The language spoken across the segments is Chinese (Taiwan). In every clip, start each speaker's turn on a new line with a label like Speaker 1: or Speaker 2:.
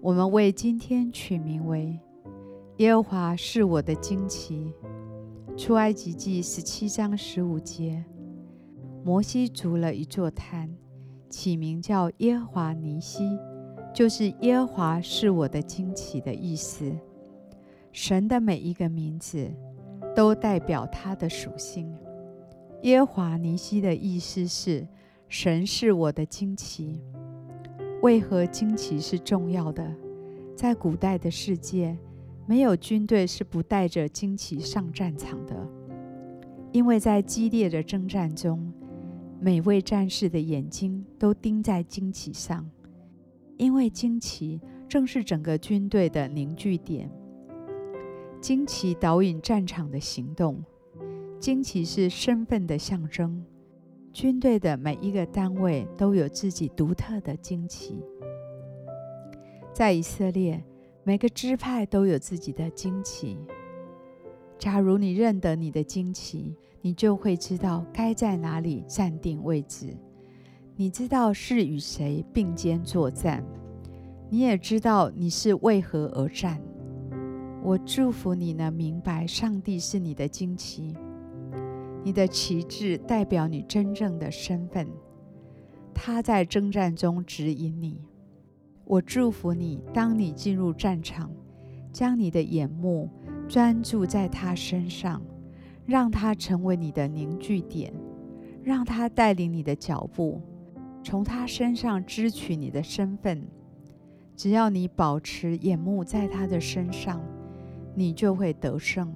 Speaker 1: 我們為今天取名為“耶和華是我的旌旗”。出埃及記十七章十五節，摩西築了一座壇，起名叫耶和華尼西，就是“耶和華是我的旌旗”的意思。神的每一個名字都代表他的屬性。耶和華尼西的意思是“神是我的旌旗”。為何旌旗是重要的？在古代的世界，沒有軍隊是不帶着旌旗上戰場的。因為在激烈的征戰中，每位戰士的眼睛都盯在旌旗上，因為旌旗正是整個軍隊的凝聚點。旌旗導引戰場的行動，旌旗是身份的象徵。軍隊的每一個單位都有自己獨特的旌旗。在以色列，每個支派都有自己的旌旗。假如你認得你的旌旗，你就會知道該在哪裡站定位置。你知道是與誰並肩作戰，你也知道你是為何而戰。我祝福你能明白，上帝是你的旌旗。你的旗幟代表你真正的身份，他在征戰中指引你。我祝福你，當你進入戰場，將你的眼目專注在他身上，讓他成為你的凝聚點，讓他帶領你的腳步，從他身上支取你的身份。只要你保持眼目在他的身上，你就會得勝。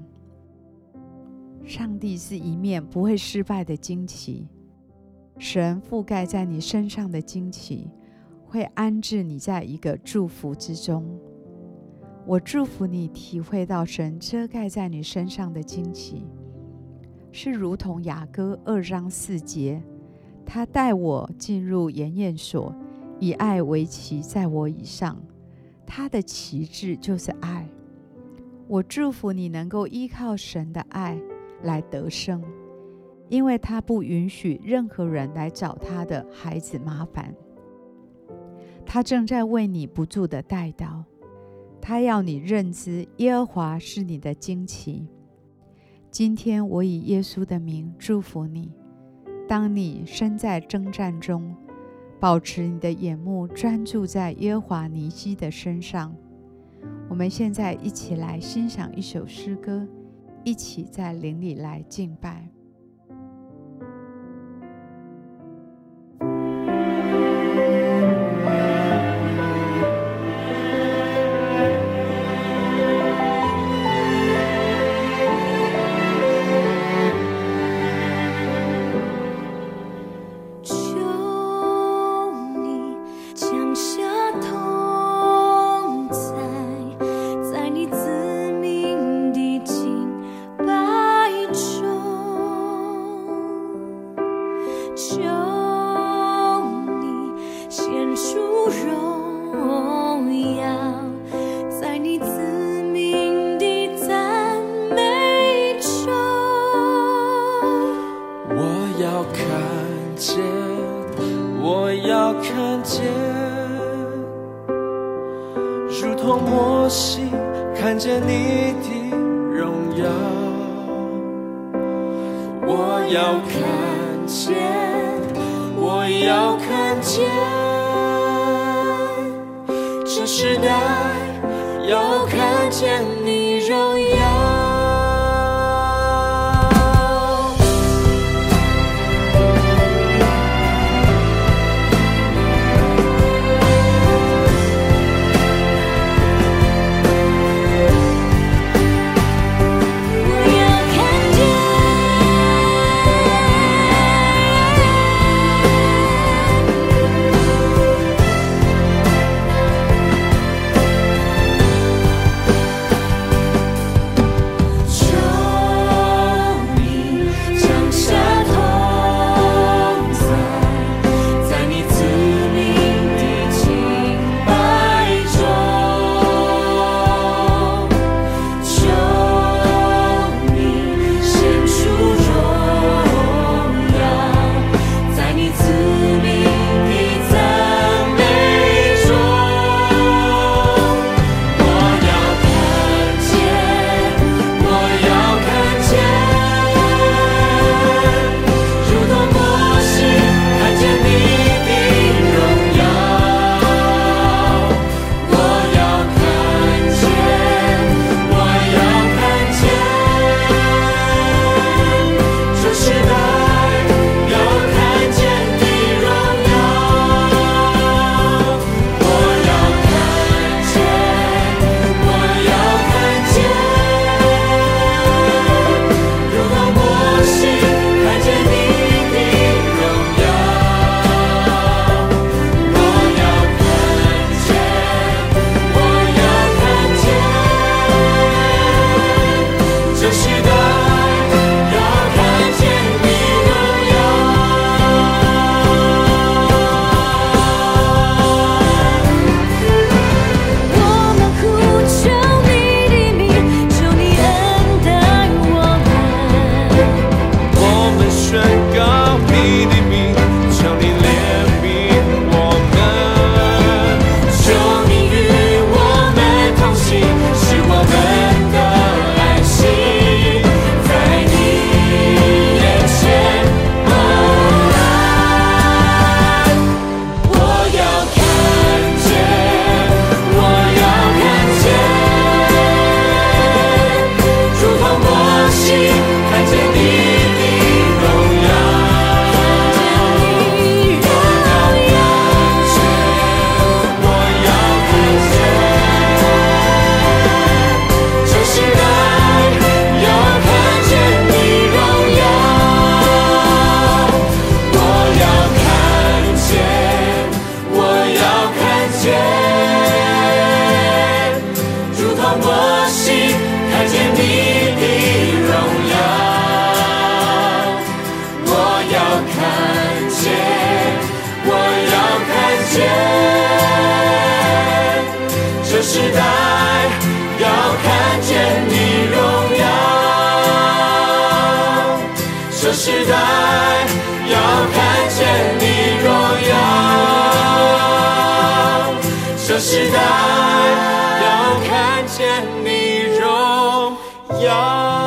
Speaker 1: 上帝是一面不會失敗的旌旗，神覆蓋在你身上的旌旗，會安置你在一個祝福之中。我祝福你體會到神遮蓋在你身上的旌旗，是如同雅歌二章四節，他帶我進入筵宴所，以愛為旗在我以上，他的旗幟就是愛。我祝福你能夠依靠神的愛，來得勝，因為他不允許任何人來找他的孩子麻煩。他正在為你不住的代禱，他要你認知耶和華是你的旌旗。今天我以耶穌的名祝福你。當你身在征戰中，保持你的眼目專注在耶和華尼西的身上。我們現在一起來欣賞一首詩歌。一起在靈裡來敬拜。
Speaker 2: 榮耀，在你子民的讚美中，我要看見，我要看見，如同摩西看見你的榮耀，我要看見，我要看見。時代要看見你容顏。這時代要看見你榮耀。